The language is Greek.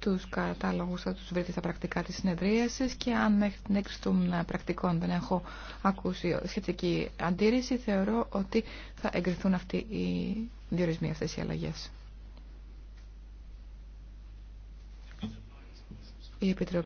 Του κατάλογους θα του βρείτε στα πρακτικά τη συνεδρίασης και αν μέχρι την των ε, πρακτικών δεν έχω ακούσει σχετική αντίρρηση θεωρώ ότι θα εγκριθούν αυτοί οι διορισμοί αυτέ οι αλλαγέ.